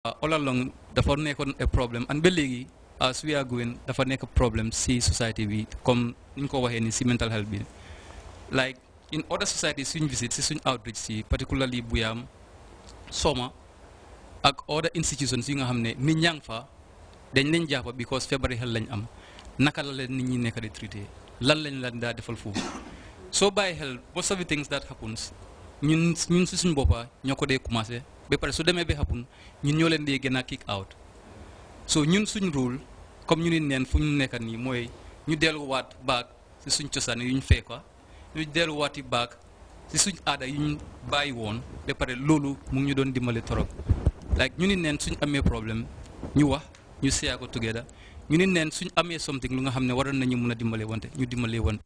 Uh, all along dafa nekkoon problème problem and ba léegi as we are going dafa nekk problème si society bi comme ni ñu ko waxee ni si mental health bi like in other society suñ visit si suñ outreach si particularly Buyam Soma ak other institutions yi nga xam ne nit ñaa fa dañ leen jàppa because feebari xel lañ am naka la leen nit ñi nekk di traité lan lañ leen daa defal foofu soo bàyyi xel most of the things that happens ñun si suñ boppa ñoo ko dee commencé ba pare su demee ba xamun ñun ñoo leen di gën a kick out so ñun suñ rôle comme ñu ne neen fu ñu nekk nii mooy ñu delluwaat baag si suñ cosaan yu ñu fee ko ñu delluwaati baag si suñ aada yu ñu bàyyi woon ba pare loolu mu ngi ñu doon dimbali torop like ñu ni neen suñ amee problème ñu wax ñu seeyaa ko together ñu ni neen suñ amee something lu nga xam ne waroon nañu mun a dimbale wante ñu dimbale wante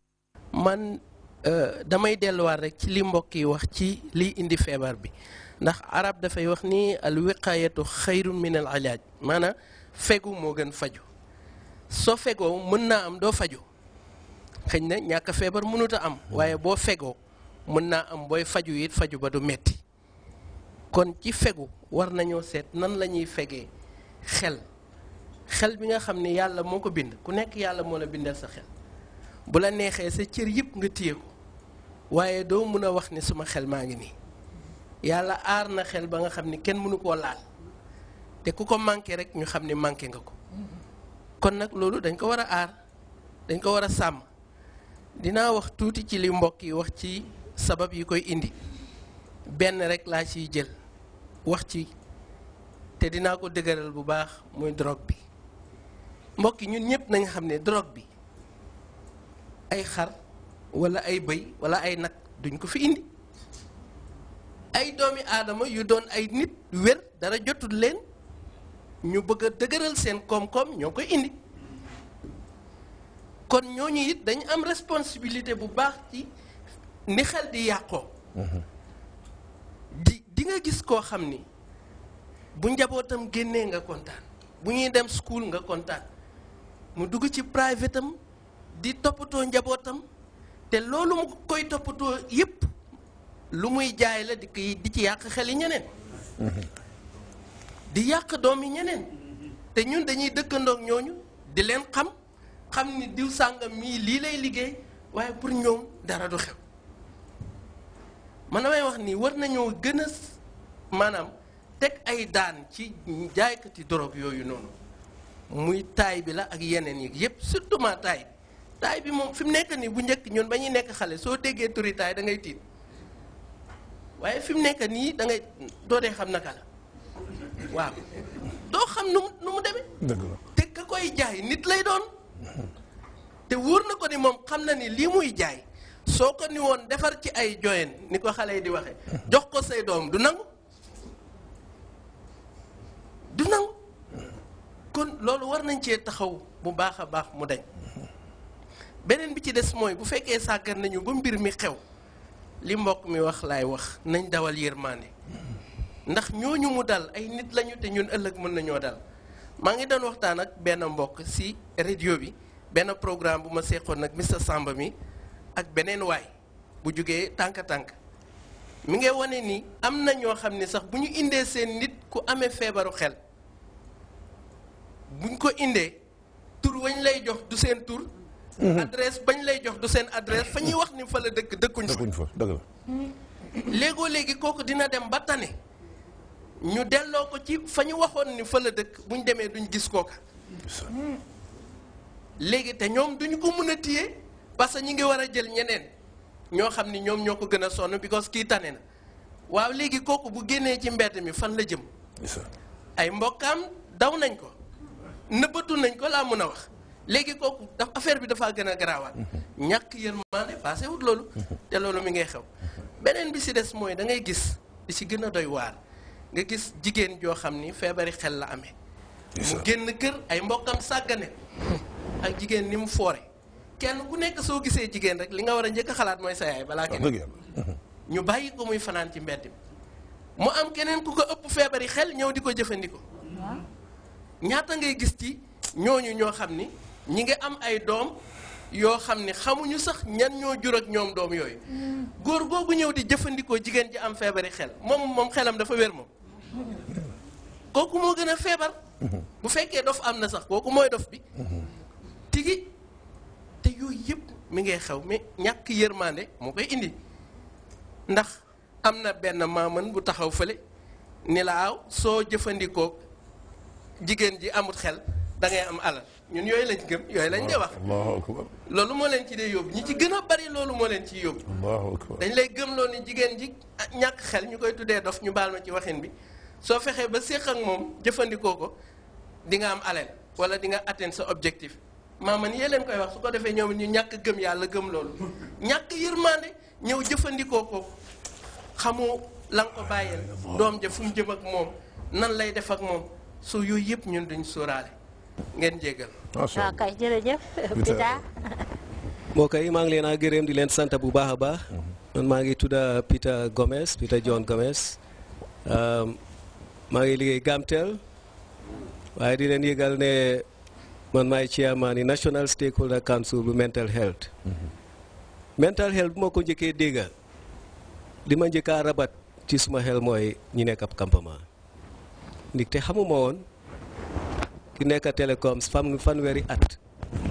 man euh, damay delluwaat rek ci li mbokk yi wax ci liy indi feebar bi ndax arab dafay wax ni al wiqaayatu xayrun min al ilaaj maanaam fegu moo gën faju soo fegoo mën naa am doo faju xëy na ñàkk feebar mënut am waaye boo fegoo mën naa am booy faju it faju ba du metti kon ci fegu war nañoo seet nan la ñuy fegee xel xel bi nga xam ne yàlla moo ko bind ku nekk yàlla moo la bindal sa xel bu la neexee sa cër yëpp nga tiye ko waaye doo mën a wax ne suma xel maa ngi nii yàlla aar na xel ba nga xam ni kenn mënu koo laal te ku ko manqué rek ñu xam ni manqué nga ko kon nag loolu dañ ko war a aar dañ ko war a sàmm dinaa wax tuuti ci li mbokk yi wax ci sabab yi koy indi benn rek laa ciy jël wax ci te dinaa ko dëgëral bu baax muy drogue bi mbokk yi ñun ñëpp nañ xam ne drogue bi ay xar wala ay bëy wala ay nag duñ ko fi indi ay doomi adama yu doon ay nit wér dara jotul len ñu bëgg a seen kom kom ñoo indi kon ñoñu yit dañ am responsabilité bu baax ci ni xel di yàqoo di di nga gis ko xamni bu njabotam genné nga contane bu ñuy dem school nga contane mu dugg ci private am di topoto njabotam te loolu mu koy topoto yépp lu muy jaay la dikk yi di ci yàq xel yi ñeneen di yàq doom yi ñeneen te ñun dañuy dëkkandoog ñooñu di leen xam xam ni diw sàngam mii lii lay liggéey waaye pour ñoom dara du xew man damay wax nii wër nañoo gën a maanaam teg ay daan ci jaaykati drogue yooyu noonu muy taay bi la ak yeneen yi yépp surtout ma taay taay bi moom fi mu nekk nii bu njëkk ñoon ba ñuy nekk xale soo déggee turi taay da ngay tiit waaye fi mu nekk nii dangay ngay doo dee xam naka la waaw doo xam nu mu nu mu demee. dëgg la te ka koy jaay nit lay doon. te wóor na ko ni moom xam na ni lii muy jaay soo ko ni woon defar ci ay joyen ni ko xale yi di waxee. jox ko say doom du nangu du nangu kon loolu war nañ cee taxaw bu baax a baax mu dañ beneen bi ci des mooy bu fekkee sàggan nañu ba mbir mi xew. li mbokk mi wax lay wax nañ dawal yermane, ndax ñoñu mu dal ay nit lañu te ñun ëlëk mëna ñoo dal ma ngi doon waxtaan ak benn mbokk si radio bi benn programme bu ma seqoon nak Mr Samba mi ak benen way bu jugee tank tank mi ngi wane ni am ño xamni sax buñu indé sen nit ku amé fébaru xel buñ ko indé tur wañ lay jox du sen tur Mhm. adresse bañ lay jox du seen adresse fa ñuy wax ni fa la dëkk dëkkuñ fa. dëkkuñ fa dëgg léegoo léegi kooku dina dem ba tane ñu delloo ko ci fa ñu waxoon ni fa la dëkk buñ demee duñ gis kooka. léegi te ñoom duñ ko mën a téye parce que ñu ngi war a jël ñeneen ñoo xam ni ñoom ñoo ko gën a sonn because kii tane na waaw léegi kooku bu génnee ci mbedd mi fan la jëm. ay mbokkaam daw nañ ko nëbbatu nañ ko laa mën a wax. léegi kooku ndax affaire bi dafaa gën a garaawaat ñàkk yërmande passé wut loolu te loolu mi ngay xew beneen bi si des mooy da ngay gis li si gën a doy waar nga gis jigéen joo xam ni feebari xel la amee mu kër ay mbokkam sàggane ak jigéen ni mu foore kenn ku nekk soo gisee jigéen rek li nga war a njëkk a xalaat mooy sa yaay balaa kenn ñu bàyyi ko muy fanaan ci mbedd mi mu am keneen ku ko ëpp feebari xel ñëw di ko jëfandikoo ñaata ngay gis ci ñooñu ñoo xam ni ñi ngi am ay doom yoo xam ne xamuñu sax ñan ñoo jur ak ñoom doom yooyu góor googu ñëw di jëfandikoo jigéen ji am feebari xel moom moom xelam dafa wér moom kooku moo gën a feebar bu fekkee dof am na sax kooku mooy dof bi tigi te yooyu yëpp mi ngay xew mi ñàkk yërmande moo koy indi ndax am na benn maaman bu taxaw fale ni laaw soo jëfandikoo jigéen ji amut xel dangay am alal ñun yooyu lañ gëm yooyu lañ dee wax loolu moo leen ci dee yóbbu ñi ci gën bari loolu moo leen ciy yóbbu dañ lay gëm loolu jigéen ji ñàkk xel ñu koy tuddee dof ñu baal ma ci waxin bi soo fexee ba séq ak moom jëfandikoo ko di nga am alal wala di nga atteindre sa objectif maama ni yee leen koy wax su ko defee ñoom ñu ñàkk gëm yàlla gëm loolu ñàkk yërmande ñëw jëfandikoo ko xamoo la nga ko bàyyeel doom ja fu jëm ak moom nan lay def ak moom su yooyu yëpp ñun duñ sóoraale ngeen jéggal waaw kay jërëjëf Pita mbokk yi maa ngi leen gërëm di leen sant bu baax a baax mhm. man maa ngi tudda Peter Gomez pita John Gomez maa ngi liggéey Gamtel waaye di leen yëgal ne man maay chairman National Stakeholder Council bu mental health mhm. mental health bu ma ko njëkkee dégga li ma njëkkaa rabat ci suma xel mooy ñi nekk ab campement xamuma woon ki nekk télécoms fan fanweeri at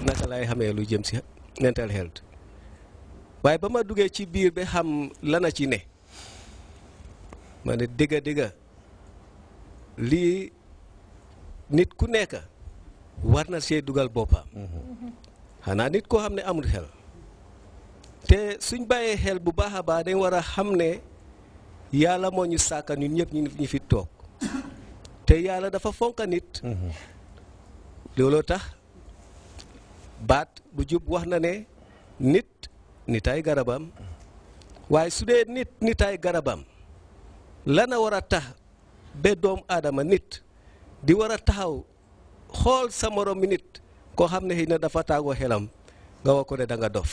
naka laay xamee lu jëm si mental health waaye ba ma duggee ci biir ba xam lana ci ne ma ne dëgga dëgga lii nit ku nekk war na see dugal boppam xanaa nit koo xam ne amul xel te suñ bàyyee xel bu baax a baax dañ war a xam ne yàlla moo ñu sàkka ñun ñëpp ñu fi toog te yàlla dafa fonka nit mm-hmm. looloo tax baat bu jub wax na ne nit nitaay garabam waaye su dee nit nitaay garabam lana war a tax ba doomu aadama nit di war a taxaw xool sa morom mi nit koo xam ne xëy na dafa taagoo xelam nga wax ko ne da nga dof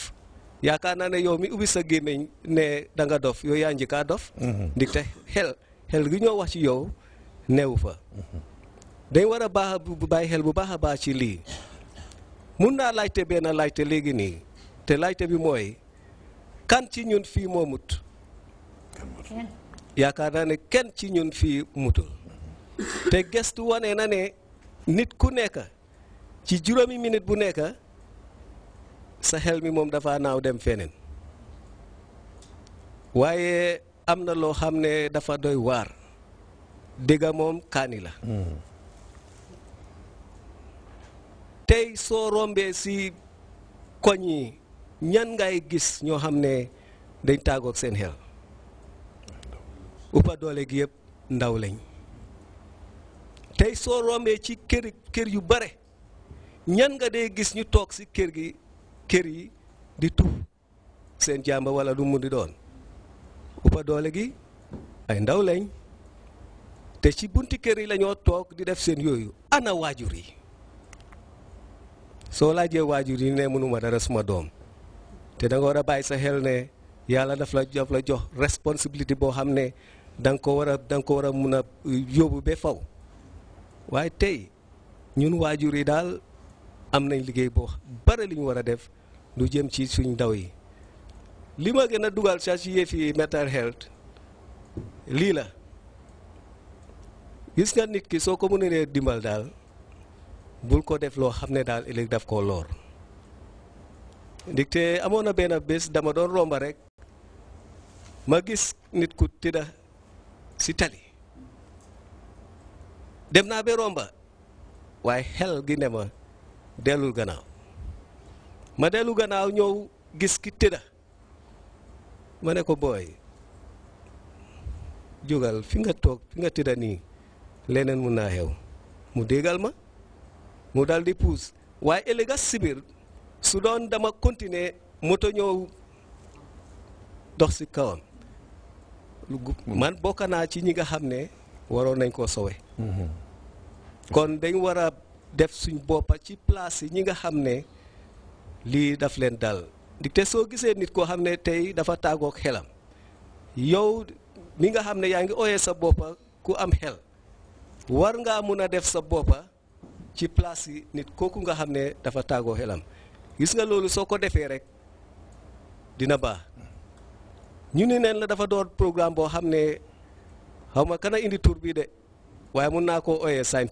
yaakaar naa ne yow mi ubbi sa gémmiñ ne da nga dof yow yaa njëkkaa dof mm-hmm. ndik te xel xel gi ñoo wax ci yow neewu fa mm-hmm. dañ war a baax a bàyyi xel bu baax a baax ci lii mun naa laajte benn laajte léegi nii te laajte bi mooy kan ci ñun fii moo mut yaakaar naa ne kenn ci ñun fii mutul te gestu wane na ne nit ku nekk ci juróomi minute bu nekk sa xel mi moom dafa naaw dem feneen waaye am na loo xam ne dafa doy waar dégg moom kaani la hmm. tey soo rombee si koñ yi ñan ngay gis ñoo xam ne dañ tàggoog seen xel uppa doole gi yëpp ndaw lañ tey soo rombee ci kër yu bare ñan nga day gis ñu toog si kër gi kër yi di tu seen jàmba wala du mu di doon uppa doole gi ay ndaw lañ te ci bunt kër yi lañoo toog di def seen yooyu ana waajur yi soo laajee waajur yi ne ma dara suma doom te danga war a bàyyi sa xel ne yàlla daf la daf jox responsabilité boo xam ne danga ko war a da ko war a mun a yóbbu ba faw waaye tey ñun waajur yi daal am nañ liggéey boo bare li ñu war a def lu jëm ci suñ ndaw yi li ma gën a dugal sa ci yëfi mental health lii la gis nga nit ki soo ko mënee dimbal daal bul ko def loo xam ne daal ëllëg daf koo loor ndigte amoon na benn bés dama doon romba rek ma gis nit ku tëdda si tali dem naa ba romba waaye xel gi ne ma dellul gannaaw ma dellu ganaaw ñëw gis ki tëdda ma ne ko booy jógal fi nga toog fi nga tëdda nii leneen mun naa xew mu déggal ma mu dal di puus waaye ëllëg si biir su doon dama continuer moto ñëw dox si kawam man bokk naa ci ñi nga xam ne waroon nañ koo sowe mhm. kon dañ war a def suñ boppa ci place yi ñi nga xam ne lii daf leen daal dal te soo gisee nit koo xam ne tey dafa tàggook xelam yow mi nga xam ne yaa ngi ooyee sa boppa ku am xel war ngaa mun a def sa boppa ci place yi nit kooku nga xam ne dafa tàggoo xelam gis nga loolu soo ko defee rek dina baax ñu ni neen la dafa doon programme boo xam ne xaw ma kana indi tur bii de waaye mun naa koo ooyee scientifique